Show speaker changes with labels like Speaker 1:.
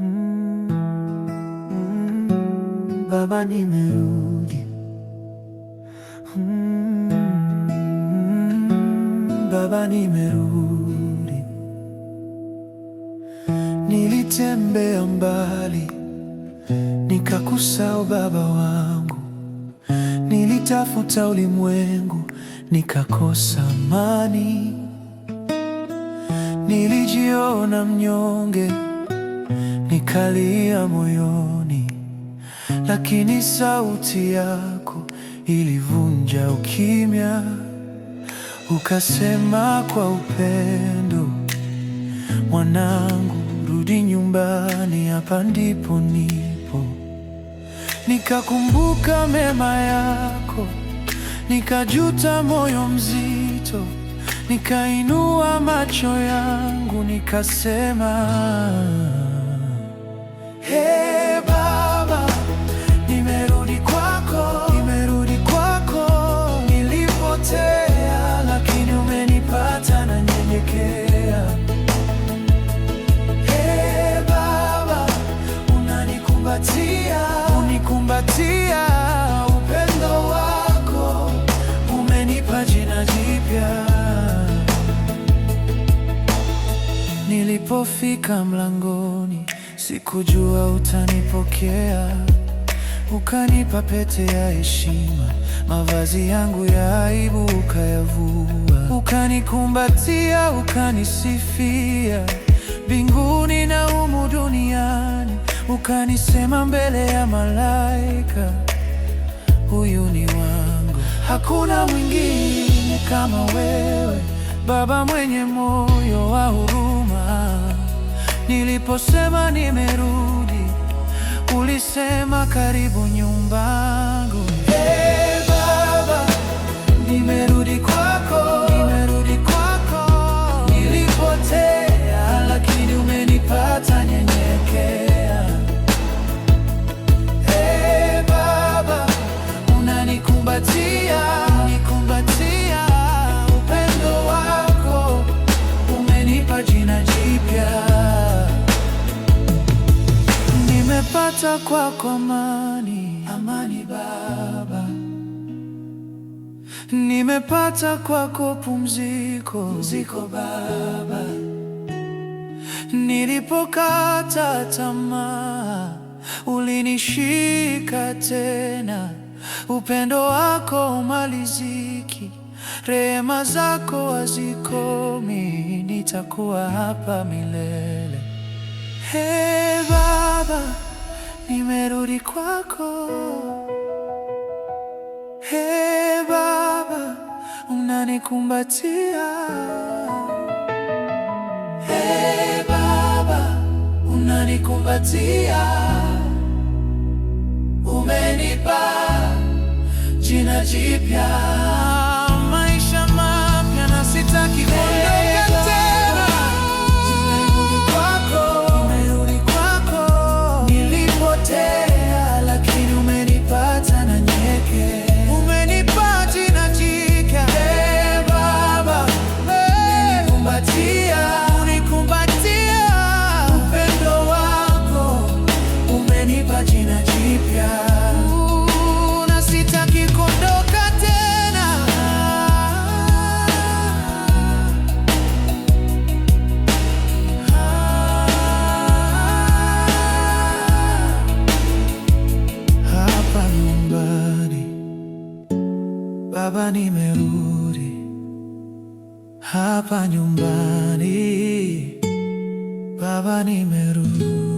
Speaker 1: mm, baba nimerudi, mm, baba nimerudi. Nilitembea mbali nikakusahau baba wangu, nilitafuta ulimwengu nikakosa amani, nilijiona mnyonge nikalia moyoni, lakini sauti yako ilivunja ukimya. Ukasema kwa upendo, mwanangu, rudi nyumbani, hapa ndipo nipo. Nikakumbuka mema yako, nikajuta moyo mzito, nikainua macho yangu nikasema Eh, Baba, nimerudi kwako, lakini umenipata na nyenyekea. Hey eh, Baba, upendo wako umenipa jina jipya. Nilipofika mlangoni Sikujua utanipokea, ukanipa pete ya heshima, mavazi yangu ya aibu ukayavua, ukanikumbatia, ukanisifia mbinguni na humu duniani, ukanisema mbele ya malaika, huyu ni wangu, hakuna mwingine kama wewe, Baba mwenye moyo wa huruma Niliposema nimerudi, ulisema karibu nyumbangu. Hey, Baba, nimerudi. Napata kwako amani, amani Baba, nimepata kwako pumziko, pumziko Baba, nilipokata tamaa ulinishika tena, upendo wako umaliziki, rehema zako hazikomi, nitakuwa hapa milele. Hey Baba nimerudi kwako. He Baba, unanikumbatia. He Baba, unanikumbatia. Umenipa jina jipya Baba, nimerudi hapa nyumbani. Baba, nimerudi